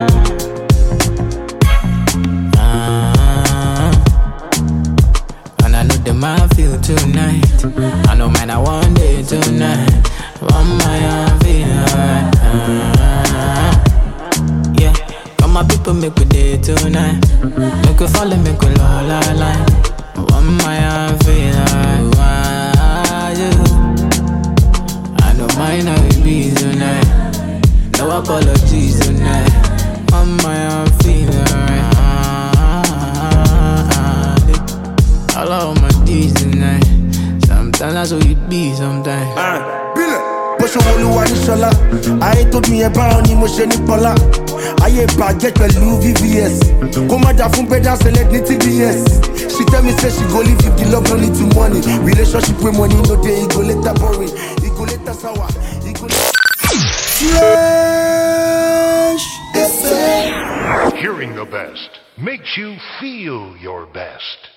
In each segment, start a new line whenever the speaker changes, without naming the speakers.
uh
FM. Hearing the best makes you feel your best.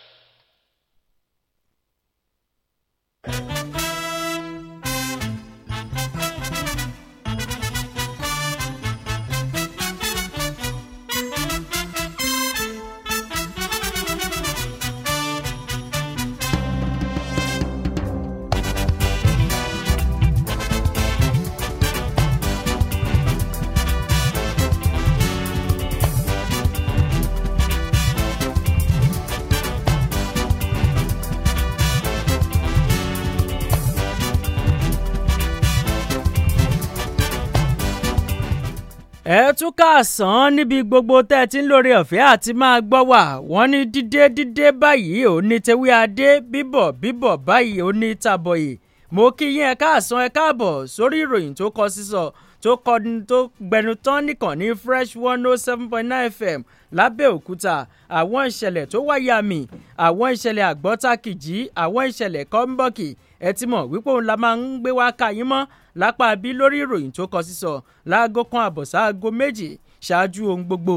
káàsán níbi gbogbo tẹ́ ẹ ti ń lórí ọ̀fẹ́ àti máa gbọ́ wà wọ́n ní dídé dídé báyìí ò ní tewé adé bíbọ̀ bíbọ̀ báyìí ò ní tàbọ̀yì mo kí yín ẹ káàsán ẹ káàbọ̀ sórí ìròyìn tó kọ sísọ tó kọ tó gbẹnu tán nìkan ní fresh one oh seven point nine fm lábẹ́òkúta àwọn ìṣẹ̀lẹ̀ tó wáyé àmì àwọn ìṣẹ̀lẹ̀ àgbọ́tàkìjì àwọn ìṣẹ̀lẹ̀ kọ́ńbọ̀kì ẹ ti mọ̀ wípé òun la máa ń gbé wá ká yín mọ́ lápá bí lórí ìròyìn tó kọ sísọ láago kan àbọ̀ sáago méjì ṣáájú ohun gbogbo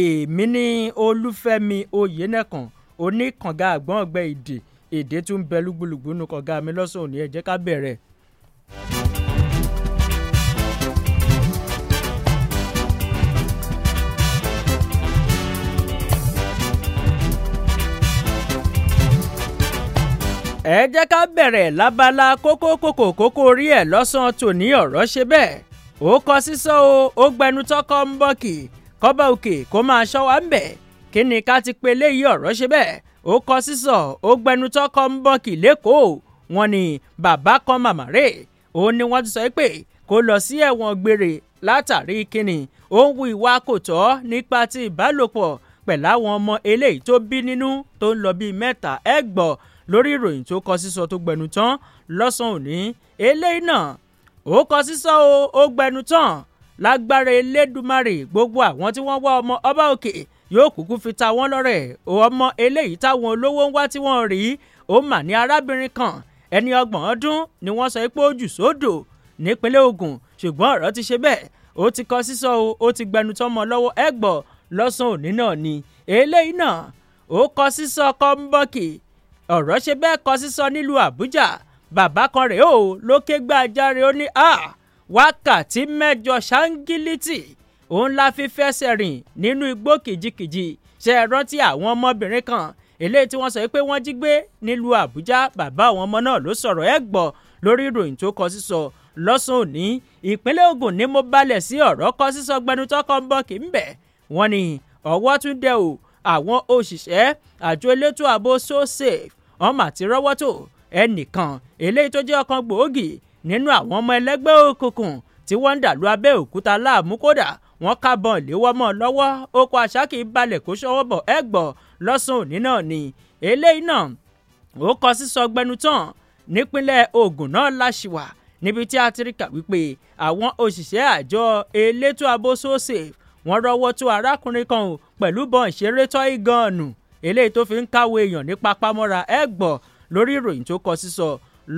èmi ní olúfẹ́mi oyènẹ́kan oníkànga àgbọ̀ngbẹ èdè èdè tún bẹ lúgbúlùgbú nù kànga mi lọ́sàn-án òní ẹ jẹ́ ká bẹ̀rẹ̀. ẹ jẹ́ ká bẹ̀rẹ̀ lábala kókó kòkò kókó orí ẹ̀ lọ́sàn-án tòní ọ̀rọ̀ ṣe bẹ́ẹ̀ ó kọ sísọ́ o ó gbẹnu tọkọ ń bọ̀ kì kọ́bà òkè kó máa ṣọ́ wa ń bẹ̀ kí ni ká ti pe léyìí ọ̀rọ̀ ṣe bẹ́ẹ̀ ó kọ sísọ́ ó gbẹnu tọkọ ń bọ̀ kì lẹ́kọ̀ọ́ wọn ni bàbá kan màmá rè ó ní wọ́n ti sọ pé kó lọ sí ẹ̀wọ̀n gbére látàrí kíni ó ń wu ìwà kò tọ́ nípa ti ìbálòpọ̀ pẹ̀láwọn ọmọ eléyìí tó bí nínú tó ń lọ bíi mẹ́ta ẹ̀ lórí ìròyìn tó kọ sísọ tó gbẹnu tán lọ́sàn-án òní eléyìí náà ó kọ sísọ o ó gbẹnu tán lágbára elédùmarè gbogbo àwọn tí wọ́n wá ọmọ ọba òkè yóò kúkú fi ta wọ́n lọ́rẹ̀ ọmọ eléyìí táwọn olówó ń wá tí wọ́n rí ó mà ní arábìnrin kan ẹni ọgbọ̀n ọdún ni wọ́n sọ pé ó jù sódò nípínlẹ̀ ogun ṣùgbọ́n ọ̀rọ̀ ti ṣe bẹ́ẹ̀ ó ti kọ sísọ o ó ti gbẹnu tọmọ lọ́wọ́ ẹgbọ́ lọ́sàn òní náà ni eléyìí náà ó kọ sísọ kọ́ńbọ́ọ̀kì ọ̀rọ̀ ṣe bẹ́ẹ̀ kọ sísọ nílùú àbújá bàbá kan rèé o ló ké gbàjáre ó ní a wákàtí mẹ́jọ ṣáńgílítì òun la fi fẹsẹ̀ rìn nínú igbó kìjikìji ṣe é rántí àwọn ọmọbìnrin kan eléyìí tí wọ́n sọ pé wọ́n jí gbé nílùú àbújá bàbá àwọn ọmọ náà ló sọ̀rọ̀ ẹ̀ gbọ́ lórí ìròyìn tó kọ sísọ lọ́sùn òní ìpínlẹ̀ Ògùn ni mo balẹ̀ sí ọ̀rọ̀ kọ sísọ gbẹnutọ́kọ̀ ń bọ̀ kì í bẹ̀ wọ́n ní ọwọ́ tún dẹ o àwọn òṣìṣẹ́ àjọ elétò ààbò sosafe wọn mà ti rọ́wọ́ tó ẹnìkan eléyìí tó jẹ́ ọ̀kan gbòógì nínú àwọn ọmọ ẹlẹ́gbẹ́ òkùnkùn tí wọ́n ń dàlú abẹ́òkúta láàmú kódà wọ́n kábọn léwọ́mọ́ lọ́wọ́ oko àṣàkì balẹ̀ kó ṣọwọ́ bọ̀ ẹ gbọ́ lọ́sùn òní náà ni eléyìí náà ó kọ sísọ gbẹnu nípínlẹ̀ Ògùn náà láṣìwà níbi tí a ti rí kà wípé àwọn òṣìṣẹ́ àjọ elétò ààbò sosafe wọ́n rọ́wọ́ tó arákùnrin kan o pẹ̀lú bọn ìṣeré tọ́í gọ́ọ̀nù eléyìí tó fi ń káwé èèyàn ní papámọ́ra ẹ gbọ́ lórí ìròyìn tó kọ sísọ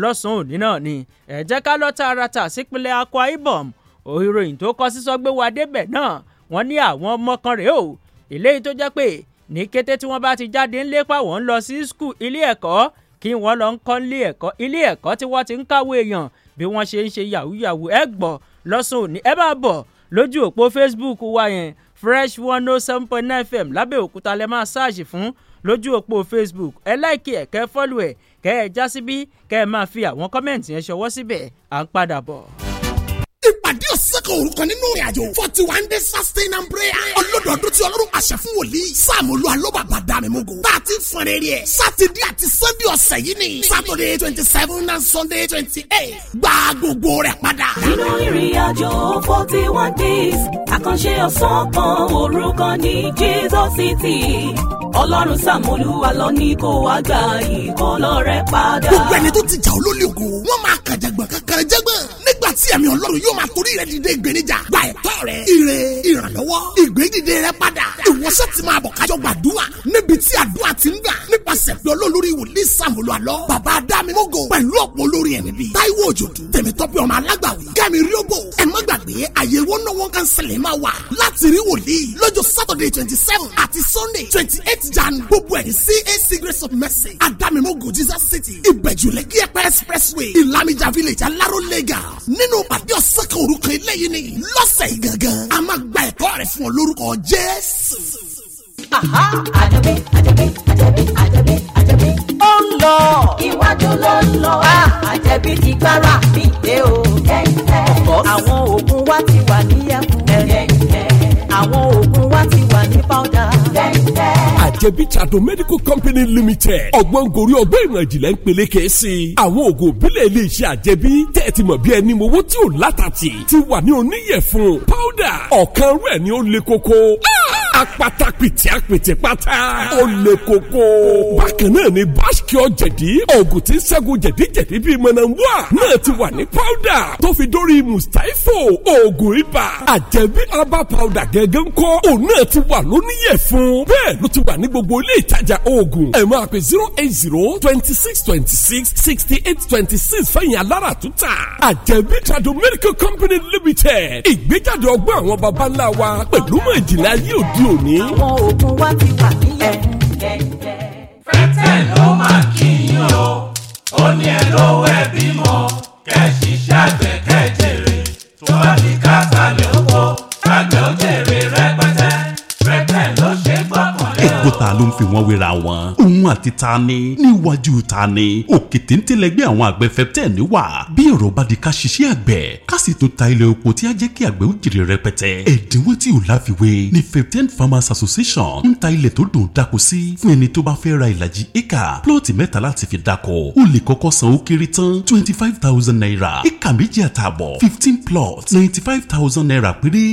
lọ́sàn òní náà ni ẹ jẹ́ ká lọ tààràtà sípínlẹ̀ akwa ibom ìròyìn tó kọ sísọ gbé wa débẹ̀ náà wọ́n ní àwọn ọmọ kan rèé o eléyìí tó jẹ́ pé ní kété tí wọ́n bá ti jáde ńlé pa wọ́n ń lọ sí skul ilé ẹ̀kọ́ kí wọ́n lọ ń kọ́ ilé ẹ̀kọ́ ilé ẹ̀kọ́ tí wọ́n ti ń káwé èèyàn bí wọ́n ṣe ń ṣe yàwúyàwú ẹ gbọ́ lọ́sùn òní ẹ bá bọ̀ lójú òpó facebook wa yẹn fresh one oh seven point nine fm lábẹ́òkúta lẹ́ máa ṣáàṣì fún lójú òpó facebook ẹ láìkí ẹ̀ kẹ́ fọ́lù ẹ̀ kẹ́ ẹ já síbí kẹ́ ẹ máa fi àwọn kọ́mẹ̀ntì yẹn ṣọwọ́ síbẹ̀ à ń padà bọ̀
ìpàdé òsèkò orúkọ nínú ìrìnàjò forty one day sustain and pray. ọlọ́dọọdún tí ọlọ́run pàṣẹ fún wòlíì sáàmù olú alóbàbà dàmímúgo tá a ti fọn rere ẹ̀ sátidé àti sọ́ndé ọ̀sẹ̀ yìí ni saturday twenty seven and sunday twenty eight gba gbogbo rẹ̀ padà. nínú ìrìnàjò forty one days àkànṣe ọ̀sán kan orúkọ ní jesus city ọlọ́run sáàmù olú alọ́ ní kó wá gba ìkọlọ́ rẹ̀ padà. gbogbo ẹni tó ti jà ó ọlọ́run yóò máa torí rẹ dìde ìgbéníjà gba ẹ̀tọ́ rẹ ire ìrànlọ́wọ́ ìgbédìde rẹ padà ìwọ́sẹ̀ ti máa bọ̀ kájọ gbàdúrà níbi tí àdúrà ti ń gbà níbi nípasẹ̀ pé olólórí wòlíì sàmúlò àlọ́ bàbá adámimógo pẹ̀lú ọ̀pọ̀ olórí ẹ̀mí bíi táíwò òjòdù tèmítọ́pẹ́ ọmọ alágbàwí kẹ́mi ríogbò ẹ má gbàgbé àyẹ̀wò náà wọ́n kàn sẹlẹ̀ máa wà láti rí wòlíì lọ́jọ́ sátọ̀dẹ̀ twenty àti sunday 28 eight jan gbogbo ẹ̀ ní cac grace of mercy adámimógo jesus city ìbẹ̀jùlẹ̀ kí expressway ìlàmìjà village aláró lagos nínú pàdé ọ̀sán kan orúkọ ilé yìí ni lọ́sẹ̀ yìí gangan a àjẹbí àjẹbí àjẹbí àjẹbí àjẹbí. ó ń lọ. iwájú ló ń lọ. àjẹbí ah, ti gbára mi dé o. ọ̀pọ̀ àwọn oògùn wa ti wà ní ẹ̀kún. àwọn oògùn wa ti wà ní pọ́dà.
Àjẹbí Trado Medical Company Limited ọgbọ́n gorí ọgbọ́n ìmọ̀ ìjìnlẹ̀ ń peléke sí i. Àwọn oògùn òbílẹ̀ iléeṣẹ́ àjẹbí tẹ́ ẹ ti mọ̀ bí ẹni mowó tí ò látàtì ti wà ní oníyẹ̀fun powder ọ̀kan rẹ̀ ni ó le koko. Ah! apatapìtì apìtì pátá. ó le koko. bákan náà ni báṣkìọ́ jẹ̀dí oògùn tí ń ṣẹ́gun jẹ̀díjẹ̀dí bíi mọ̀nàmúà náà ti wà ní pọ́dà tó fi dórí mùsítáífò oògùn ibà àjẹbí herbal powder gẹ́gẹ́ ń kọ́ òun náà ti wà lóníyẹ̀ fún. bẹ́ẹ̀ ló ti wà ní gbogbo ilé ìtajà oògùn ẹ máa pè zero eight zero twenty six twenty six sixty eight twenty six fẹ̀yìn alára tuta àjẹbí trado medical company limited ìgbéjáde ọgbọ́n àwọn baba ńlá wa pẹ̀lú mọ̀ ìjìnlẹ̀ ayé òde òní. àwọn oògùn wa ti wà nílẹ̀ kẹ̀kẹ́. fẹ́tẹ̀ ló máa kí yín o ó ní ẹ lówó ẹ bímọ kẹ́ ẹ ṣiṣẹ́ àgbẹ̀ kẹ́ ẹ ta ló ń fi wọ́n wéra wọn òun àti ta ni níwájú ta ni òkè téńté lẹgbẹ́ àwọn àgbẹ̀ fẹ́tẹ́ ní wà bí èrò bá di ká ṣiṣẹ́ àgbẹ̀ ká sì tún ta ilẹ̀ oko tí á jẹ́ kí àgbẹ̀ ó jèrè rẹpẹtẹ ẹ̀dínwó tí ò láfiwé ni fifteen farmers association ń ta ilẹ̀ tó dùn dáko sí fún ẹni tó bá fẹ́ ra ìlàjì éka plọ́ọ̀tì mẹ́ta láti fi dáko ó lè kọ́kọ́ san ó kéré tán twenty five thousand naira éka méjì àtààbọ̀ fifteen plots ninety five thousand naira péré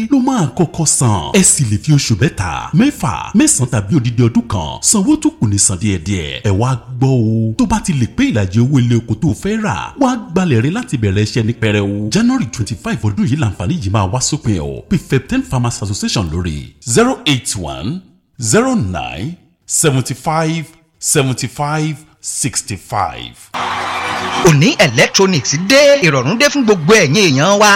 ló ọdún kan sanwó tó kù ní san díẹ̀díẹ̀ ẹ wá gbọ́ o tó bá ti lè pé ìlàjì owó ilé oko tó fẹ́ rà wá gbalẹ̀ rẹ láti bẹ̀rẹ̀ iṣẹ́ ní pẹrẹu january twenty five ọdún yìí làǹfààní yìí máa wá sópin o pfepten farmers association lórí zero eight one zero nine seventy five seventy five
sixty five. òní electronics dé ìrọ̀rùn dé fún gbogbo ẹ̀yin èèyàn wa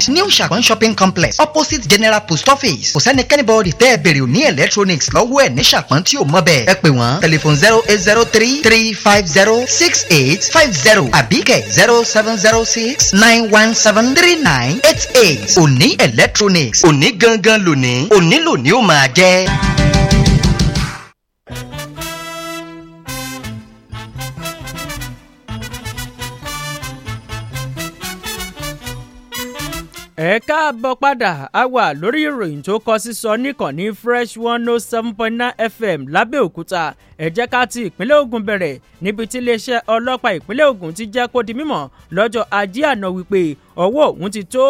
find new Ṣàpọ́n shopping complex opposite general post office kò sẹ́ni kẹ́nìbọ̀dì tẹ́ ẹ bèrè ní electronics lọ́wọ́ ẹ̀ ní Ṣàpọ́n tí o mọ̀ bẹ́ẹ̀ ẹ pè wọ́n tẹlifon zero eight zero three three five zero six eight five zero àbíkẹ́ zero seven zero six nine one seven three nine eight eight òní electronics òní gangan lónìí òní lónìí ó máa jẹ́.
ẹ káàbọ̀ padà a wà lórí ìròyìn tó kọ sísọ níkànnì fresh one oh seven point nine fm lábẹ́òkúta ẹ jẹ́ ká ti ìpínlẹ̀ Ògùn bẹ̀rẹ̀ níbi tí iléeṣẹ́ ọlọ́pàá ìpínlẹ̀ Ògùn ti jẹ́ kó di mímọ̀ lọ́jọ́ ajé àná wípé ọwọ́ òun ti tó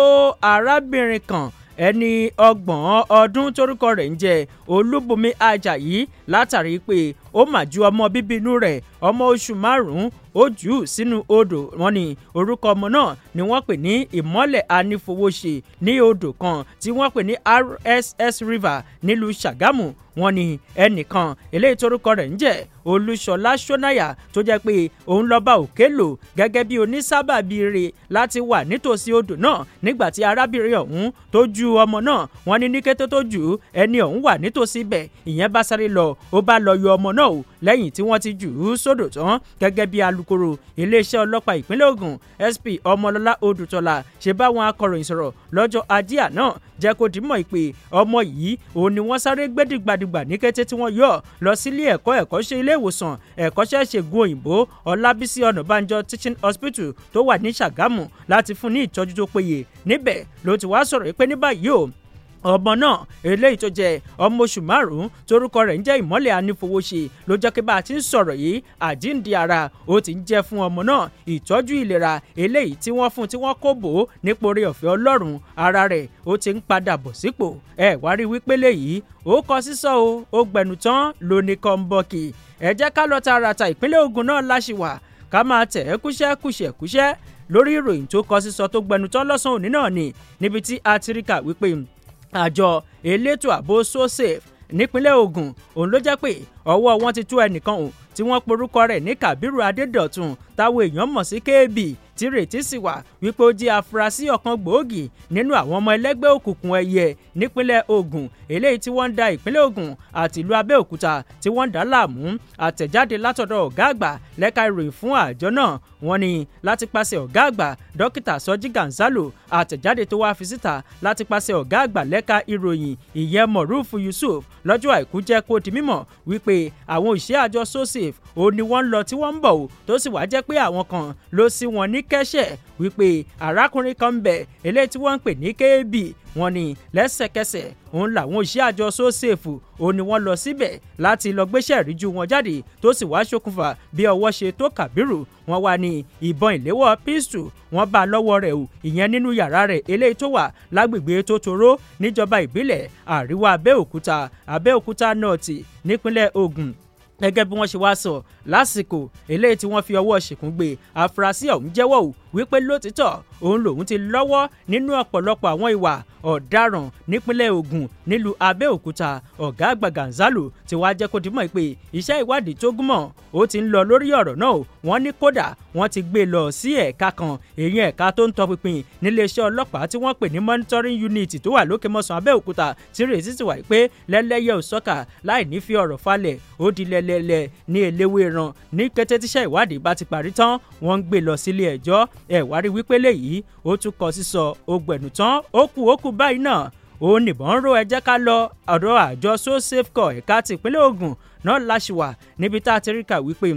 arábìnrin kan ẹni ọgbọ̀n ọdún torúkọ rẹ̀ ń jẹ́ Olúbùnmi Ajayi látàrí pé ó mà ju ọmọ bíbí inú rẹ̀ ọmọ oṣù márùn-ún ó jù ú sínú odò wọn ni orúkọ ọmọ náà ni wọ́n pè ní ìmọ́lẹ̀ anífowóṣe ní odò kan tí wọ́n pè ní rss river nílùú ṣàgámù wọ́n ní ẹnìkan eléyìí torúkọ rẹ̀ ń jẹ́ olúṣọlá ṣónáyà tó jẹ́ pé òun lọ bá òkè lò gẹ́gẹ́ bí onísábàbíire láti wà nítòsí odò náà nígbà tí arábìnrin ọ̀hún tó ju ọmọ náà wọ́n ní ní kété tó jù ú ẹni ọ̀hún wà nítòsí ibẹ̀ ìyẹn bá sáré lọ ó bá lọ yọ ọmọ náà o lẹ́yìn tí wọ́n ti jù ú sódò tán gẹ́gẹ́ bí alukoro iléeṣẹ́ ọlọ́pàá ìpínlẹ̀ Ògùn SP ọmọlọ́lá odùtọ́lá ṣe bá wọn akọ̀ròyìn sọ̀rọ̀ lọ́jọ́ ajé àná jẹ́ kó dìímọ̀ ìpè ọmọ yìí òun ni wọ́n sáré gbé dìgbàdìgbà ní kété tí wọ́n yọ lọ sílé ẹ̀kọ́ ẹ̀kọ́ṣẹ́ ilé ìwòsàn ẹ̀kọ́ṣẹ́ ṣègùn òyìnbó ọlábísí ọ̀nàbànjọ teaching hospital tó wà ní ṣàgámù láti fún ní ìtọ́jú tó péye níbẹ̀ ló ti wá sọ̀rọ̀ pé ní báyìí o ọmọ náà eléyìí tó jẹ ọmọ oṣù márùnún torúkọ rẹ̀ ń jẹ́ ìmọ́lẹ̀ anífowóṣe ló kí bá a ti ń sọ̀rọ̀ yìí àjíǹde ara ó ti ń jẹ́ fún ọmọ náà ìtọ́jú ìlera eléyìí tí wọ́n fún tí wọ́n kó bò ó nípa oore ọ̀fẹ́ ara rẹ̀ ó ti ń padà bọ̀ sípò ẹ wá rí wípé léyìí ó kọ sísọ o ó gbẹnu tán lóní kọ́ńbọ́ọ̀kì ẹ jẹ́ ká lọ tààràtà ìpínlẹ̀ Ògùn náà láṣìwà ká máa tẹ̀ ẹ́ kúṣẹ́ kúṣẹ́ kúṣẹ́ lórí ìròyìn tó kọ sísọ tó gbẹnu tán lọ́sàn-án òní náà ni níbi tí a ti rí kà wípé àjọ elétò ààbò sosafe nípínlẹ̀ Ògùn òun ló jẹ́ pé ọwọ́ wọn ti tú ẹnìkan hùn tí wọ́n porúkọ rẹ̀ ní Kábírù Adédọ̀tun táwọn èèyàn mọ̀ sí KB tí ìrètí sì wà wípé ó jẹ́ afurasí ọ̀kan gbòógì nínú àwọn ọmọ ẹlẹ́gbẹ́ òkùnkùn ẹ̀yẹ nípínlẹ̀ Ògùn eléyìí tí wọ́n ń da ìpínlẹ̀ Ògùn àti ìlú Abẹ́òkúta tí wọ́n ń dá láàmú àtẹ̀jáde látọ̀dọ̀ ọ̀gá àgbà lẹ́ka ìròyìn fún àjọ náà wọ́n ní láti pàṣẹ ọ̀gá àgbà dókítà Sọjí Gonzalo àtẹ̀jáde tó wáá fi síta láti pàṣẹ ọ̀gá àgbà lẹ́ka ìròyìn ìyẹn Moruf Yusuf lọ́jọ́ àìkú jẹ́ kó di mímọ̀ wípé àwọn òṣìṣẹ́ àjọ SOSAFE òun ni wọ́n ń lọ tí wọ́n ń bọ̀ ò tó sì wá jẹ́ pé àwọn kan ló sí wọn ní kẹ́sẹ̀ wípé arákùnrin kan bẹ eléyìí tí wọ́n ń pè ní kb wọ́n ní lẹ́sẹ̀kẹsẹ̀ òun làwọn òṣìṣẹ́ àjọ sósèfù òun ni wọ́n lọ síbẹ̀ láti lọ gbéṣẹ́ ìríjú wọn jáde tó sì wáá ṣokùnfà bí ọwọ́ ṣe tó kàbírù wọ́n wá ní ìbọn ìléwọ́ pistol wọ́n bá lọ́wọ́ rẹ̀ o ìyẹn nínú yàrá rẹ̀ eléyìí tó wà lágbègbè tó toró níjọba ìbílẹ̀ àríwá abẹ́òkúta abẹ́òkúta nọ́ọ̀tì nípínlẹ̀ Ògùn gẹ́gẹ́ bí wọ́n ṣe wá sọ lásìkò eléyìí tí wọ́n fi ọwọ́ ṣìkún gbé ọ̀hún jẹ́wọ́ ò wípé lótìtọ́ òun lòun ti lọ́wọ́ nínú ọ̀pọ̀lọpọ̀ àwọn ìwà ọ̀daràn nípínlẹ̀ Ògùn nílùú Abẹ́òkúta ọ̀gá àgbà Gonzalo ti wá jẹ́ kó dimọ̀ pé iṣẹ́ ìwádìí tó gúnmọ̀ ó ti ń lọ lórí ọ̀rọ̀ náà wọ́n ní kódà wọ́n ti gbé e lọ sí ẹ̀ka kan èyí ẹ̀ka tó ń tọpinpin níléeṣẹ́ ọlọ́pàá tí wọ́n pè ní monitoring unit tó wà lókè mọ́sán Abẹ́òkúta tí rèsí ti wà pé lẹ́lẹ́yẹ òsọ́kà láì ní fi ọ̀rọ̀ falẹ̀ ó di lẹ́lẹ́lẹ́ ní eléwé ran ní kété tíṣẹ́ ìwádìí bá ti parí tán wọ́n ń gbé lọ sílé ẹjọ́ ẹ wá rí wípé léyìí ó tún kọ sísọ ogbẹ̀nù tán ó kù ó kù báyìí náà òun nìbọn ró ẹ ká lọ ọ̀dọ̀ àjọ so safeco ẹ̀ka tìpínlẹ̀ Ògùn náà láṣìwà níbi tá a ti rí kà wípé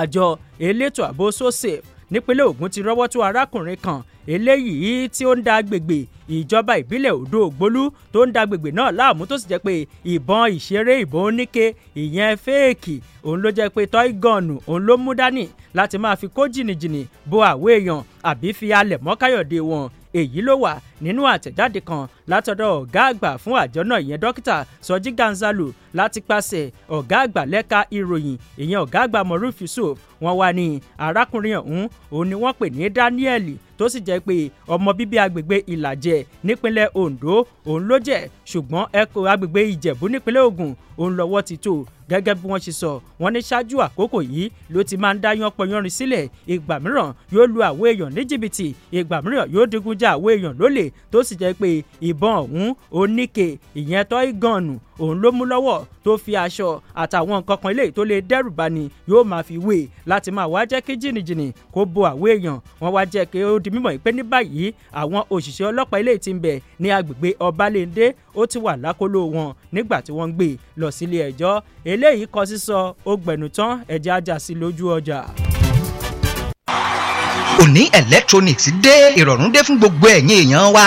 àjọ elétò ààbò so safe nípínlẹ̀ Ògùn ti rọ́wọ́ tó arákùnrin kan eléyìí tí ó ń da agbègbè ìjọba ìbílẹ̀ odò ògbólú tó ń da agbègbè náà láàmú tó sì jẹ́ pé ìbọn ìṣeré ìbọn oníke ìyẹn fẹ́ẹ̀kì òun ló jẹ́ pé tọ́ígọ̀nù òun ló mú dání láti máa fi kó jìnnìjìnnì bo àwọ̀ èèyàn àbí fi alẹ̀ mọ́ káyọ̀dé wọn èyí ló wà nínú àtẹ̀jáde kan látọ̀dọ̀ ọ̀gá àgbà fún àjọ náà ìyẹn dókítà Sọjí Ganzalu láti pàṣẹ ọ̀gá àgbà lẹ́ka ìròyìn ìyẹn ọ̀gá àgbà Moruf Yusuf wọn wà ní arákùnrin ọ̀hún òun ni wọ́n pè ní Daniel tó sì jẹ́ pé ọmọ bíbí agbègbè ìlàjẹ nípínlẹ̀ Ondo òun ló jẹ́ ṣùgbọ́n ẹ̀kọ́ agbègbè Ìjẹ̀bú nípínlẹ̀ Ògùn òun lọ́wọ́ ti tó gẹ́gẹ́ bí wọ́n ṣe sọ wọ́n ní ṣáájú àkókò yìí ló ti máa ń dá yánpọnyánrin sílẹ̀ ìgbà mìíràn yóò lu àwọn èèyàn ní jìbìtì ìgbà mìíràn yóò digun já àwọn èèyàn lólè tó sì jẹ́ pé ìbọn ọ̀hún oníke ìyẹn tọ́ ìgànnù òun ló mú lọ́wọ́ tó fi aṣọ àtàwọn nǹkan kan eléyìí tó lè dẹ́rù bani yóò máa fi wé e láti máa wá jẹ́ kí jìnnìjìnnì kó bo àwọn èèyàn wọ́n wá jẹ́ kí ó di mímọ̀ pé ní báyìí àwọn òṣìṣẹ́ ọlọ́pàá eléyìí ti ń bẹ ní agbègbè ọbalẹ́ndé ó ti wà lákọlò wọn nígbà tí wọ́n ń gbé lọ sílé ẹjọ́ eléyìí kọ sísọ ó gbẹ̀nù tán ẹ̀jẹ̀ ajá sí lójú ọjà
òní electronics dé ìrọ̀rùn dé fún gbogbo ẹ̀yin èèyàn wa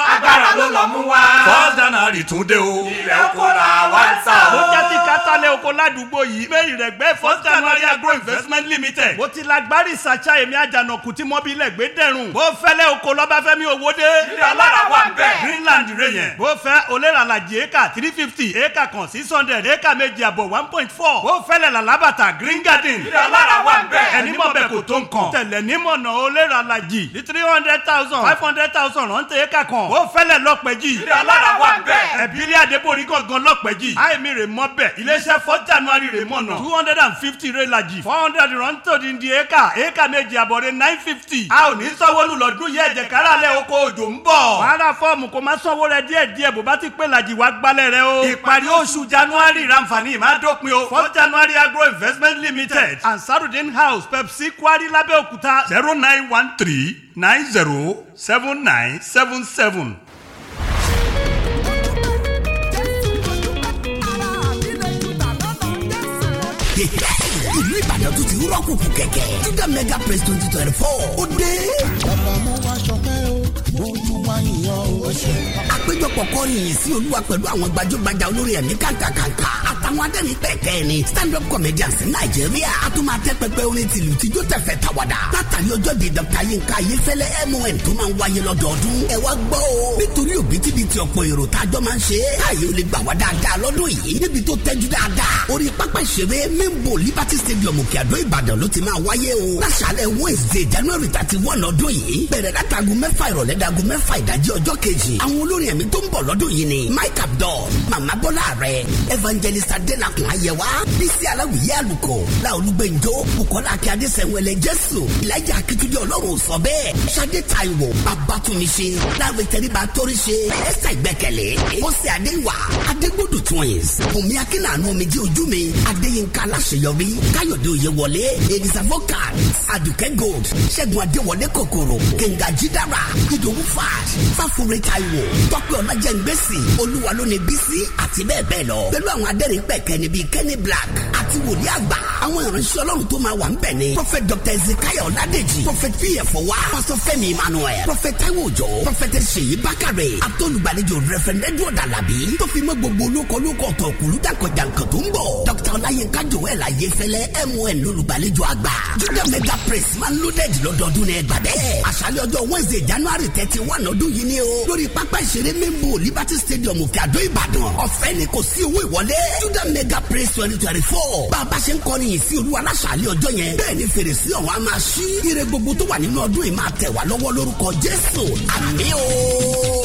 agbára ló lọ mú wá. first january tún dé o. ilẹ̀ oko la wá ń sá o. mo jẹ́ ti kátàlẹ̀ oko ládùúgbò yìí ìwé ìrẹ̀gbẹ́ first january agro investment limited. mo ti lágbárí sàṣà èmi àjànàkù tí mọ́bílẹ̀ gbé dẹ̀rùn. bó fẹ́lẹ́ oko lọ́ba fẹ́mi owó dé. ilé alára wà bẹ́ẹ̀. greenland rẹ yẹn. bó fẹ́ olérànlájì éka three fifty éka kan six hundred éka méjì àbọ̀ one point four. bó fẹ́lẹ̀ làlábàtà green garden. ilé alára wà bẹ́ẹ̀. ẹni mọ̀ bẹ́ẹ̀ kò tó nǹkan. tẹ̀lẹ̀ nímọ̀nà ọ̀fẹ́lẹ̀ lọ́pẹ́jì. ilé alára wà bẹ́ẹ̀. ẹ̀bílẹ̀ adébórí gangan lọ́pẹ́jì. àìmí rè mọ́ bẹ́ẹ̀. iléeṣẹ́ fọ́ january rè mọ́ náà. two hundred and fifty rẹ́lajì. four hundred rántòdì di éka éka méje àbọ̀rẹ́ nine fifty. a ò ní sanwó lù lọ́dún yẹ ẹ̀jẹ̀ káràlẹ̀ oko òjò ń bọ̀. wàhálà fọ́ọ̀mù kò má sanwó rẹ díẹ̀ díẹ̀ bó bá ti pé lajì wá gbalẹ̀ rẹ o. ìparí oṣù january ranfani má o. four january agro investment limited and sarudin house pepsi kwari labẹ́òkúta zero nine one three nine zero seven nine seven seven.
ìlú ìbàdàn tún ti rọ́ọ̀kùnkùn kẹ̀kẹ́ judah mega press twenty twenty four ó dé máa yìnyàn o. àpéjọpọ̀ kọrin yìí sí olúwa pẹ̀lú àwọn gbajúgbajà olórí ẹ̀mí kàńkàkàńkà àtàwọn adẹ́rìn pẹ̀kẹ́ ni stand up comedians nàìjíríà a tún máa tẹ́ pẹpẹ orin tìlù tíjó tẹ̀fẹ̀ tàwàdà látàrí ọjọ́ di dr yinka ayéfẹ́lẹ́ mon tó máa ń wáyé lọ́dọọdún ẹ wá gbọ́ o nítorí òbítíbitì ọ̀pọ̀ èrò tájọ́ máa ń ṣe káyé o lè gbà wá dáadáa lọ́dún yìí níbi tó tẹ́jú dáadáa orí pápá ìṣeré mímbo liberty stadium òkè àdó ìbàdàn ló ti máa wáyé o láṣàlẹ̀ wednesday january thirty one ọdún yìí bẹ̀rẹ̀ látàgùn mẹ́fà ìrọ̀lẹ́ dàgùn mẹ́fà ìdájí ọjọ́ kejì àwọn olórin ẹ̀mí tó ń bọ̀ lọ́dún yìí ni mike abdul mama bọ́lá rẹ̀ evangelist adelakun ayẹwa bísí aláwìyé àlùkò làolúgbẹ̀njọ bukola akíade sẹ̀wẹ̀lẹ̀ jésù ìlàjà akitunde ọlọ́run sọ bẹ́ẹ̀ sade taiwo babatunmise láwẹ̀ tẹríba torise ẹsẹ̀ ìgbẹ́kẹ̀lé bọ́sẹ̀ adéwà adégbòdù twins bùnmi akínàánú omijì ojú mi adéyínká aláṣeyọrí káyọ̀dé oyèwọlé elisa vocal adùkẹ́ gold ṣẹ́gun adéwọlé kòkòrò kẹ̀ǹgà jídára ìdòwú fàṣ fáfúre taiwo tọ́pẹ́ ọ̀nàjẹ̀ǹgbèsì olúwa ló ní bísí àti bẹ́ẹ̀ bẹ́ẹ̀ lọ pẹ̀lú àwọn adẹ́rìn pẹ̀kẹ́ níbi Kenny Black àti wòlíì àgbà àwọn ìránṣẹ́ ọlọ́run tó máa wà ń bẹ̀ ni prophet dr ezekiel ọ̀làdèjì prophet pf wa pastor fẹ́mi emmanuel prophet taiwo òjò prophet ṣèyí Bakare, àtọ́lùgbàlejò reverend edward alabi tó fi mọ́ gbogbo olóko olóko ọ̀tọ̀ òkúlù jàǹkànjàǹkàn tó ń bọ̀ dr ọláyínká joel ayéfẹ́lẹ́ mon lólùgbàlejò àgbà judah mega praise man loaded lọ́dọọdún ní ẹgbàdẹ́ àṣálẹ́ ọjọ́ wednesday january thirty one ọd ọdún yìí ni o lórí pápá ìṣeré mímú liberty stadium òkè àdó ìbàdàn ọ̀fẹ́ ni kò sí owó ìwọlé judah mega praise twenty twenty four bá a bá ṣe ń kọrin yìí sí olúwa láṣàlẹ̀ ọjọ́ yẹn bẹ́ẹ̀ ni fèrèsé ọ̀hún á máa ṣí ire gbogbo tó wà nínú ọdún yìí máa tẹ̀ wá lọ́wọ́ lórúkọ jésù àmì o.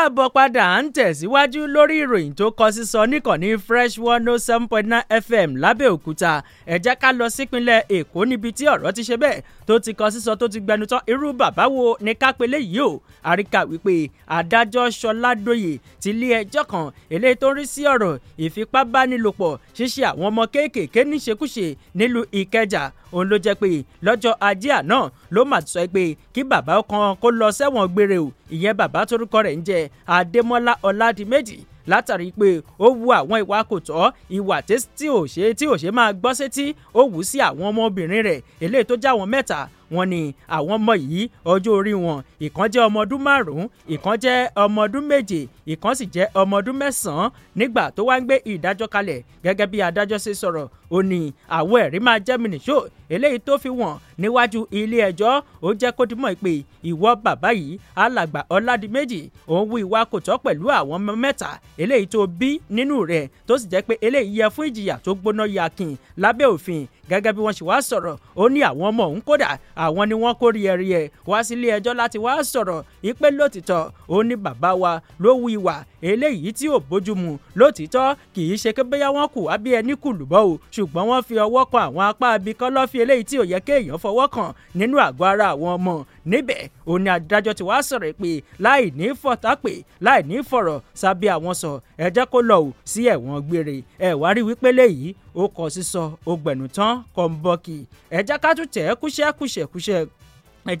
káàbọ̀ padà à ń tẹ̀síwájú lórí ìròyìn tó kọ sísọ níkànnì fresh one oh seven point nine fm lábẹ́òkúta ẹ jẹ́ ká lọ sípínlẹ̀ èkó níbi tí ọ̀rọ̀ ti ṣe bẹ́ẹ̀ tó ti kọ sísọ tó ti gbẹnu tán irú bàbá wo ni kápẹ́lẹ́ yìí o àríkà wípé adájọ́ sọládòyè ti lé ẹjọ́ kan eléyìí tó ń rí sí ọ̀rọ̀ ìfipábánilòpọ̀ ṣíṣe àwọn ọmọ kéékèèké níṣekúṣe nílùú ìkẹjà òun ló jẹ́ pé lọ́jọ́ ajé àná ló mà sọ pé kí bàbá kan kó lọ sẹ́wọ̀n gbére o ìyẹn bàbá torúkọ rẹ̀ ń jẹ́ adémọ́lá ọládìmẹ́jì látàrí pé ó wu àwọn ìwà kò tọ́ ìwà tí ò ṣe tí ò ṣe máa gbọ́ sétí ó wù ú sí àwọn ọmọbìnrin rẹ̀ eléyìí tó já wọn mẹ́ta wọ́n ní àwọn ọmọ yìí ọjọ́ orí wọn ìkan jẹ́ ọmọ ọdún márùn-ún ìkan jẹ́ ọmọ ọdún méje ìkan sì jẹ́ ọmọ ọdún mẹ́sàn-án nígbà tó wá ń gbé ìdájọ́ kalẹ̀ gẹ́gẹ́ bí adájọ́ ṣe sọ̀rọ̀ ó ní àwọn ẹ̀rí máa jẹ́ mìníṣó eléyìí tó fi wọ̀n níwájú ilé ẹjọ́ ó jẹ́ kó dimọ̀ pé ìwọ bàbá yìí alàgbà ọ̀làdìmẹ́jì òun wu ìwà kò pẹ̀lú àwọn ọmọ mẹ́ta eléyìí tó bí nínú rẹ̀ tó sì jẹ́ pé eléyìí yẹ fún ìjìyà tó gbóná yakin lábẹ́ òfin gẹ́gẹ́ bí wọ́n ṣe wá sọ̀rọ̀ ó ní àwọn ọmọ òun kódà àwọn ni wọ́n kó ríẹ̀ríẹ̀ wá sílé ẹjọ́ láti wá sọ̀rọ̀ ìpè lótìtọ́ ó ní bàbá wa ló wu ìwà eléyìí tí ò bójúmu lótìtọ́ kì í ṣe kébéyà wọn kù wá bí ẹni kù lùbọ́ o ṣùgbọ́n wọ́n fi ọwọ́ kan àwọn apá abikọ́ lọ́fi eléyìí tí ò yẹ kéèyàn fọwọ́ kàn nínú àgọ́ ara àwọn ọmọ níbẹ̀ òun ni adájọ́ ti wá sọ̀rọ̀ pé láì ní fọ̀tá pé láì ní fọ̀rọ̀ sábẹ́ àwọn sọ ẹ jẹ́ kó lọ ò sí ẹ̀wọ̀n gbére ẹ wá rí wípé léyìí ó kọ sísọ ó gbẹ̀nù tán kọ́ ń bọ́ kì ẹ ká tún tẹ̀ kúṣẹ́ kúṣẹ́ kúṣẹ́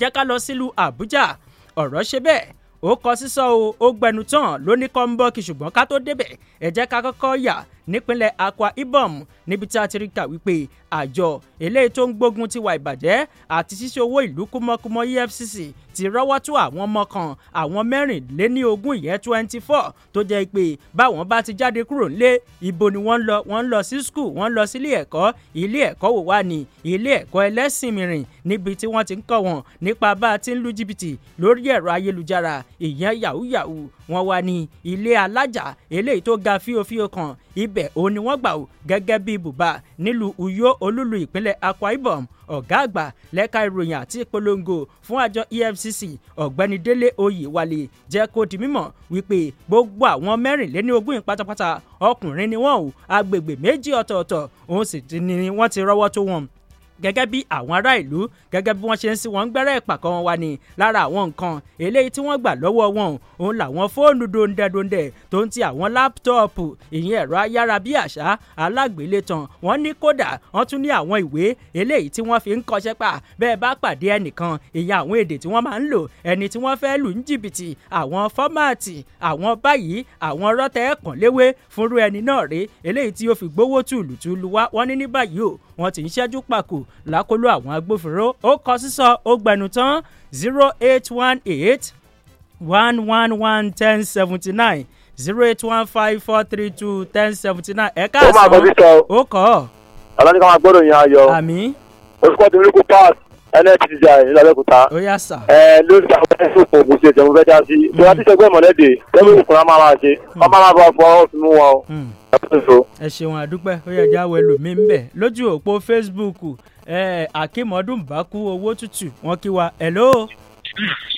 ẹ ká lọ sílùú àbújá ọ̀rọ̀ ṣe bẹ́ẹ̀ ó kọ sísọ o ó gbẹnu tán ló ní kọ́ ń bọ́ kí ṣùgbọ́n ká tó débẹ̀ ẹ ká kọ́kọ́ yà nípínlẹ̀ akwa ibom níbi tí a ti rí kà wípé àjọ eléyìí tó ń gbógun ti wà ìbàjẹ́ àti ṣíṣe owó ìlú kúmọ́kúmọ́ EFCC ti rọ́wọ́ tó àwọn ọmọ kan àwọn mẹ́rìnléníogún ìyẹn twenty four tó jẹ́ pé báwọn bá ti jáde kúrò nílé ibo ni wọ́n ń lọ wọ́n ń lọ sí skul wọ́n ń lọ sílé ẹ̀kọ́ ilé ẹ̀kọ́ wò wá ní ilé ẹ̀kọ́ ẹlẹ́sìn mìíràn níbi tí wọ́n ti ń kọ́ wọn nípa bá a ti ń lu jìbìtì lórí ẹ̀rọ ayélujára ìyẹn yahoo yahoo wọ́n wà ní ilé alájà eléyìí tó ga fíofío ibẹ̀ òun ni wọ́n gbà ó gẹ́gẹ́ bíi bùbá nílùú uyo olúlu ìpínlẹ̀ akwa ibom ọ̀gá àgbà lẹ́ka ìròyìn àti ìpolongo fún àjọ efcc ọ̀gbẹ́ni délé oyèwálé jẹ́ kó di mímọ̀ wípé gbogbo àwọn mẹ́rìnléníogún pátápátá ọkùnrin ni wọ́n ò agbègbè méjì ọ̀tọ̀ọ̀tọ̀ òun sì ni wọ́n ti rọ́wọ́ tó wọn gẹ́gẹ́ bí àwọn ará ìlú gẹ́gẹ́ bí wọ́n ṣe ń sí wọn gbẹ́rẹ́ ìpàkọ́ wọn wá ní lára àwọn nǹkan eléyìí tí wọ́n gbà lọ́wọ́ wọn òun làwọn fóònù dondẹ̀dondẹ̀ tó ń ti àwọn láptọ́ọ̀pù ìyẹn ẹ̀rọ ayárabíàṣá alágbélétan wọ́n ní kódà wọ́n tún ní àwọn ìwé eléyìí tí wọ́n fi ń kọṣẹ́ pà bẹ́ẹ̀ bá pàdé ẹnìkan ìyẹn àwọn èdè tí wọ́n máa ń lò wọ́n ti ń ṣẹ́jú pàkó lákòlò àwọn agbófinró ó kọ sísọ ó gbẹnu tán zero eight one eight one one one ten seventy nine zero eight one five four three two ten seventy nine ẹ̀ka àsán ó kọ́. ọlọ́ni ká máa gbọ́dọ̀ yan ayọ̀. àmì. oṣù kọ́ọ̀tù ní kú pass ẹnẹ ti
ti di àyè lọ́lẹ́kùta. ó yà sà. ẹ lórí ta ọgbẹ́ tó kò kò ṣe ìjẹun fẹ́ já sí. ìjọba mm. tí sẹgbẹ́ mọ̀lẹ́dẹ̀ tẹ́lẹ̀ ìkùnrin máa máa ṣe mm. wọ́n máa máa bá fọ ọ́ fún wọn o.
Mm. ẹ ṣeun àdúpẹ́ ó yẹ jáwé lómi ń bẹ̀ lójú òpó facebook akimodun baku owó tútù wọn kí wa hello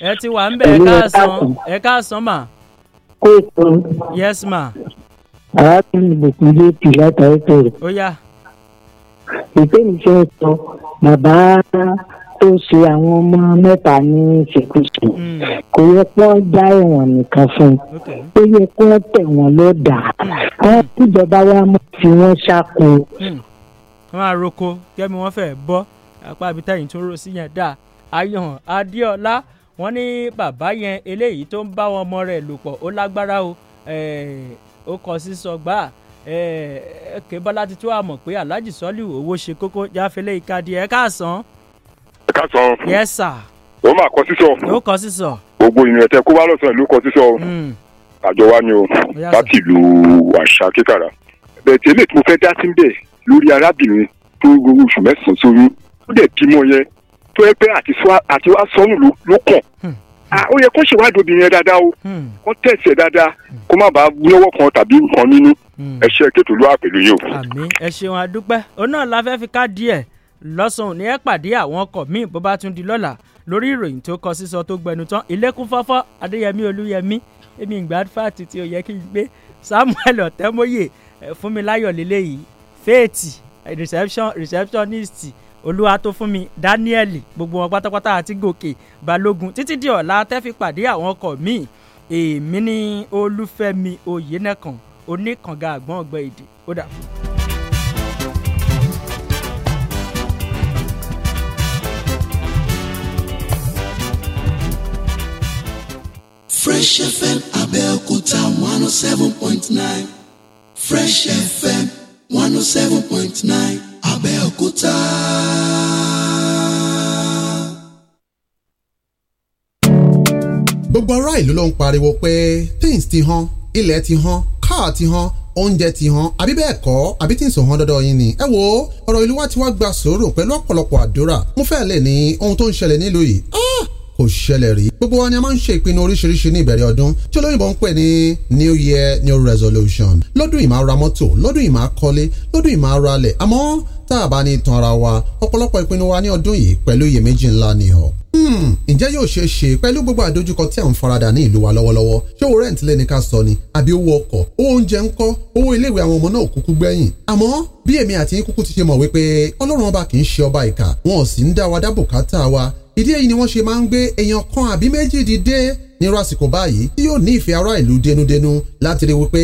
ẹ ti wà ń bẹ̀ ẹ káàsán ẹ káàsán mà. yes ma. arákùnrin ìbùkún dé pì látàrí tẹ̀lé. ó yà. ìpè mi fẹ́ sọ bàbá tó ṣe àwọn ọmọ mẹ́ta ní ìṣekúṣe mm. kò yẹ kó dá ẹ̀wọ̀n nìkan fún ó yẹ kó tẹ̀ wọ́n lọ́dà mm. àwọn tíjọba wa máa fi wọ́n ṣáko. Mm. wọ́n máa roko kẹ́mi wọ́n fẹ́ bọ́ apá abitẹ́yìn tó rò sí yẹn dà ayọ̀hàn adéọlá wọ́n ní bàbá yẹn eléyìí tó ń bá wọn ọmọ rẹ̀ lò pọ̀ ó lágbára o ó kọ sí sọgbà kébọ́lá ti tó àmọ̀ pé alhaji sọ́lù owó ṣe kókó jáfẹ́lẹ́ ìkadì ẹ̀ káàsán ẹ̀ka sọ. yes sir.
ó máa kọ sísọ. ó kọ sísọ. gbogbo ìrìn ẹ̀tẹ̀ kó wá lọ́sàn-án ìlú kọ sísọ. Hmm. àjọ wa ni o láti ìlú àṣà kíkàrà. bẹ́ẹ̀ tí eléyìí tí mo fẹ́ dá sí bẹ́ẹ̀ lórí arábìnrin tó gbogbo oṣù mẹ́sàn-án sóyún ó dẹ̀ bímọ yẹn tó ẹ pé àti wá sọnù ló kàn hmm. ó yẹ kó ṣèwádìí obìnrin yẹn dáadáa o hmm. kó tẹ̀sí ẹ dáadáa kó má bàa lọ́wọ́ kan tàbí nǹkan nínú ẹ ṣe kí ètò ló wà pẹ̀lú yìí o.
àmín ẹ ṣeun àdúpẹ́ òun náà la fẹ́ fi ká díẹ̀ lọ́sàn-án ní ẹ pàdé àwọn ọkọ̀ míì bó bá tún di lọ́la lórí ìròyìn tó kọ sísọ tó gbẹnu tán ìlẹ́kùn fọ́fọ́ adéyẹmí olúyẹmí èmi ìgbà fáàtì tí ó yẹ kí n gbé samuel ọ̀tẹ́mọ́yè fúnmiláyọ̀ lélẹ́yìí fẹ́ẹ̀tì reception receptionist olúwa tó fún mi daniel gbogbo wọn pátápátá àti gòkè balógun títí di ọ̀la tẹ́ fi pàdé àwọn ọkọ̀ míì èmi ní olúfẹ́mi oyènẹ́kan oníkànga àgbọ̀n ọ̀gbẹ́ èdè ó dà fún un.
Fresh FM Abẹ́òkúta one oh Fresh FM 107.9, oh
seven point nine oh Abẹ́òkúta. gbogbo ará ìlú ló ń pariwo pé things ti hàn ilẹ̀ ti hàn káà ti hàn oúnjẹ ti hàn àbí bẹ́ẹ̀ kọ́ àbí tí ń sòhàn dandan yín ni. ẹ wo ọ̀rọ̀ ìlú wa ti wá gba sòrò pẹ̀lú ọ̀pọ̀lọpọ̀ àdúrà mo fẹ́ lè ní ohun tó ń ṣẹlẹ̀ nílùú yìí. Ah! kò ṣẹlẹ̀ rí. gbogbo wa ni a máa ń ṣe ìpinnu oríṣiríṣi ní ìbẹ̀rẹ̀ ọdún tí olóyìnbó ń pè ní new year new resolution lọ́dún yìí máa ra mọ́tò lọ́dún yìí máa kọ́lé lọ́dún yìí máa ralẹ̀ àmọ́ tá a bá ní tan ara wa ọ̀pọ̀lọpọ̀ ìpinnu wa ní ọdún yìí pẹ̀lú iyèméjì ńlá ni o. Hmm, ǹjẹ́ yóò ṣeé ṣe pẹ̀lú gbogbo àdójúkọ tí à ń faradà ní ìlú wa lọ́wọ́lọ́wọ́ ṣé owó rẹ̀ǹtì lẹ́ni ká sọ ni àbí owó ọkọ̀ owó oúnjẹ ńkọ́ owó iléèwé àwọn ọmọ náà kúkú gbẹ̀yìn. àmọ́ bí èmi àti yín kúkú ti ṣe mọ̀ wípé ọlọ́run ọba kì í ṣe ọba ìkà wọn ò sì ń dá wa dá wa ìdí èyí ni wọ́n ṣe máa ń gbé èèyàn kan àbí méjì dìde nírú àsìkò báyìí tí yóò ní ìfẹ́ ará ìlú denudenu láti rí wípé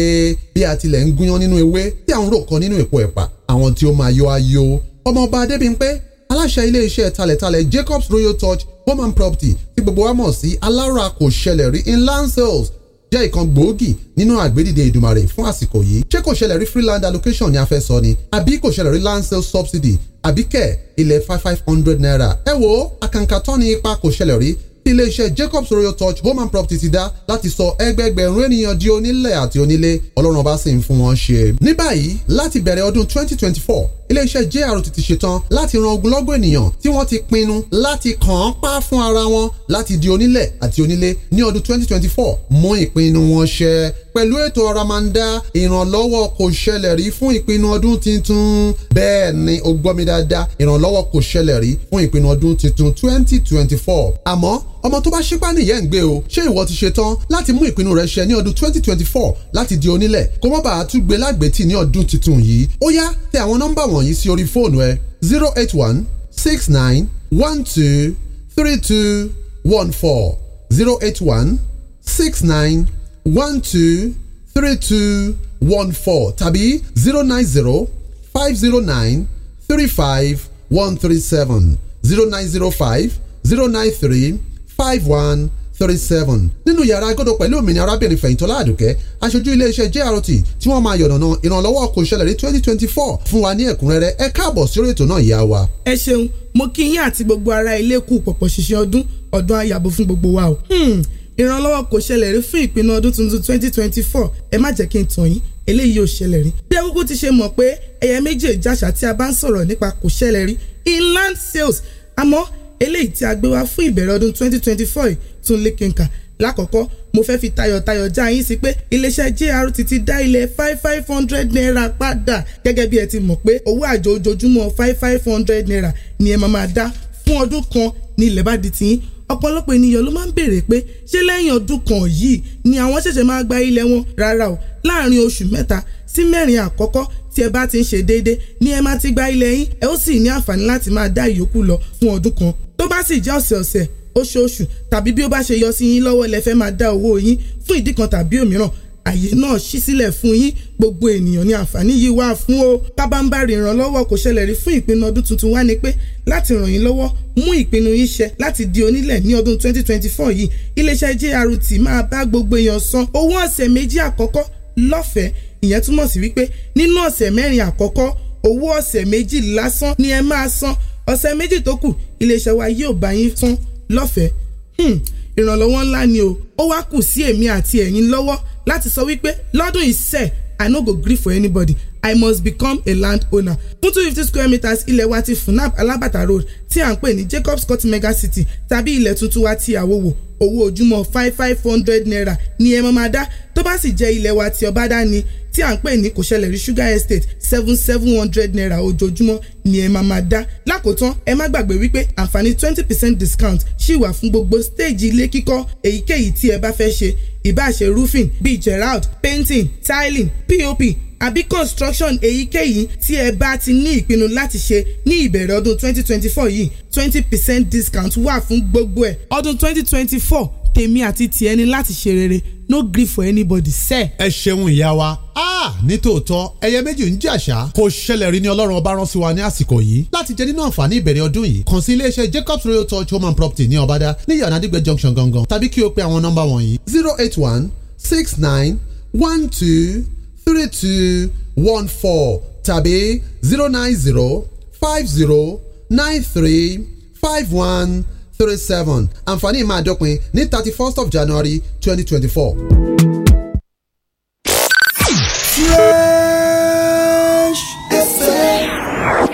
bí a tilẹ̀ ń gúnyán nínú ewé tí àwọn rò kan nínú èpo ẹ̀pà àwọn tí ó máa yọ ayọ̀ ọmọọba adébímpé aláṣẹ iléeṣẹ́ talẹ̀talẹ̀ Jacob's Royal Touch Home and Property tí gbogbo wa mọ̀ sí alára kò ṣẹlẹ̀ rí in land sales jẹ́ ìkan gbòógì nínú àgbédìde ìdùmarè fún àsìkò yìí ṣé kò ṣẹlẹ̀ rí free land allocation ni a fẹ́ sọ ni àbí kò ṣẹlẹ̀ rí land sale subsidy àbí kẹ̀ ilẹ̀ five five hundred naira ẹ wo àkàǹkà tán ni ipa kò ṣẹlẹ̀ rí iléeṣẹ́ Jacobs Royal Touch Home and Property ti dá láti sọ ẹgbẹẹgbẹ̀rún ènìyàn di onílẹ̀ àti onílé ọlọ́run ọba sì ń fún wọn ṣe. ní báyìí láti bẹ̀rẹ̀ ọdún twenty twenty four iléeṣẹ́ JRTT ti ṣetán láti ran ogunlọ́gọ̀ ènìyàn tí wọ́n ti pinnu láti kàn án pa fún ara wọn láti di onílẹ̀ àti onílé ní ọdún 2024 mú ìpinnu wọn ṣẹ pẹ̀lú ètò ọ̀ramandá ìrànlọ́wọ́ kò ṣẹlẹ̀ rí fún ìpinnu ọdún tuntun bẹ́ẹ̀ ni o gbọ́ mi dáadáa ìrànlọ́wọ́ kò ṣẹlẹ̀ rí fún ìpinnu ọdún tuntun 2024 àmọ́ ọmọ tó bá ṣípá nìyẹn ń gbé o ṣé ìwọ ti ṣe tán láti mú ìpinnu rẹ ṣẹ ní ọdún 2024 láti di onílẹ̀ kó má bàa tún gbé lágbètì ní ọdún tuntun yìí ó yá tẹ àwọn nọ́mbà wọ̀nyí sí orí fóònù ẹ 081 69 12 32 14 081 69 12 32 14 tàbí 090 509 35 137 0905 093 five one thirty seven nínú yàrá agodo pẹ̀lú òmìnira arábìnrin fẹ̀yìntọ́lá àdùkẹ́ aṣojú iléeṣẹ́ JRT tí wọ́n máa yọ̀nàna ìrànlọ́wọ́ kò ṣẹlẹ̀ ní twenty twenty four fún wa ní ẹ̀kúnrẹ́rẹ́ ẹ káàbọ̀ sórí ètò náà yá wa.
ẹ ṣeun mo kí yín àti gbogbo ara ilé kú pọ̀pọ̀ ṣiṣẹ́ ọdún ọdún ayàbò fún gbogbo wa o. Hmm, ìrànlọ́wọ́ kò ṣẹlẹ̀ rí fún ìpinnu ọdún tuntun twenty twenty four ẹ má jẹ́ kí n tàn yín eléyìí ò ṣẹlẹ̀ rí. bí akókó ti ṣe mọ̀ pé ẹ̀yà méjì ìjàṣà tí a bá ń sọ̀rọ̀ nípa kò ṣẹlẹ̀ rí inland sales àmọ́ eléyìí tí a gbé wá fún ìbẹ̀rẹ̀ ọdún 2024 tún lékenkà lákọ̀ọ́kọ́ mo fẹ́ fi tayọ̀tayọ̀ já yín sí pé iléeṣẹ́ JRT ti dá ilẹ̀ five five hundred naira padà gẹ́gẹ́ bí ẹ ti mọ̀ pé owó àjọ ojoojúmọ́ five five hundred naira ni ẹ máa máa dá fún ọdún kan ní ilẹ̀ bá di tiyín ọ̀pọ̀lọpọ̀ ènìyàn ló máa ń béèrè pé ṣé lẹ́yìn ọdún kan yìí ni àwọn ṣẹ̀ṣẹ̀ máa gba ilẹ̀ wọn rárá o láàrin oṣù mẹ́ta sí mẹ́rin àkọ́kọ́ tí ẹ bá ti ń ṣe déédéé ni ẹ máa ti gba ilẹ̀ yín ẹ ó sì ní àǹfààní láti máa dá ìyókù lọ fún ọdún kan tó bá sì jẹ́ ọ̀sẹ̀ọ̀sẹ̀ oṣooṣù tàbí bí ó bá ṣe yọ sí yín lọ́wọ́ lẹ fẹ́ máa dá owó yín fún ìdí kan tàbí òmíràn àyè náà ṣí sílẹ̀ fún yín gbogbo ènìyàn ní àǹfààní yìí wà fún o pábánbárì ìrànlọ́wọ́ kò ṣẹlẹ̀ rí fún ìpinnu ọdún tuntun wá ni pé láti ràn yín lọ́wọ́ mú ìpinnu yín ṣẹ láti di onílẹ̀ ní ọdún 2024 yìí iléeṣẹ́ JRT máa bá gbogbo èèyàn san owó ọ̀sẹ̀ méjì àkọ́kọ́ lọ́fẹ̀ẹ́ ìyẹn túmọ̀ sí wípé nínú ọ̀sẹ̀ mẹ́rin àkọ́kọ́ owó ọ̀sẹ̀ méjì lásán ni ẹ máa san ọ̀sẹ̀ méjì tó kù iléeṣẹ́ wa yóò bá yín fún lọ́fẹ̀ẹ́ hmm, ìrànlọ́wọ́ ńlá ni o ó wá kù sí èmi àti ẹ̀yin lọ́wọ́ láti sọ wípé lọ́dún ìṣẹ́ I no go gree for anybody I must become a land owner. fún two fifty square meters ilẹ̀ wa ti FUNAB alabata road tí à ń pè ní Jacob Scott mega city tàbí ilẹ̀ tuntun wa ti Àwòwò owó ojúmọ́ five five hundred naira ni ẹ máa máa dá tó bá sì jẹ́ ilẹ̀ wa tí ọba dá ni tí à ń pè ní kò sugar estate seven seven hundred naira ojoojúmọ́ ni ẹ máa máa dá lákòótán ẹ má gbàgbé wípé àǹfààní twenty percent discount ṣì wà fún gbogbo stage ilé kíkọ́ èyíkéyìí tí ẹ bá fẹ́ ṣe ìbáṣe roofing bíi gerald painting tiling pop àbí construction èyíkéyìí tí ẹ bá ti ní ìpinnu láti ṣe ní ìbẹ̀rẹ̀ ọdún 2024 yìí 20 percent discount wà fún gbogbo ẹ̀ ọdún 2024 tèmi àti tiẹ̀ ni láti ṣe rere no gree for
anybody sẹ́. ẹ ṣeun ìyá wa ah, nítòótọ́ ẹyẹ méjì ń jẹ́ àṣà kò ṣẹlẹ̀ rí ni ọlọ́run ọba rán sí wa ní àsìkò yìí láti jẹ nínú àǹfààní ìbẹ̀rẹ̀ ọdún yìí kàn sí iléeṣẹ́ Jacobs Royal Touch Home and Property ní ọ̀bádá ní yàrá-dìgbẹ́ junction gangan tàbí kí o pe àwọn nọ́mbà wọ̀nyí zero eight one six nine one two three two one four tàbí zero nine zero five zero nine three five one three seven àǹfààní máa dópin ní thirty first of January twenty twenty four.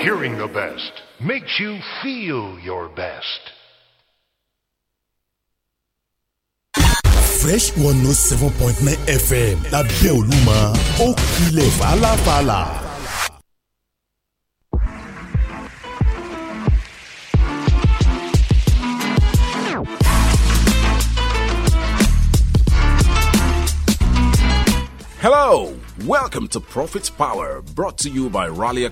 Hearing the best makes you feel your best.
fresh one note oh seven point nine fm lábẹ́ olúmọ ó kulẹ̀ fàlàfàlà. Hello, welcome to Profit Power, brought to you by Raleigh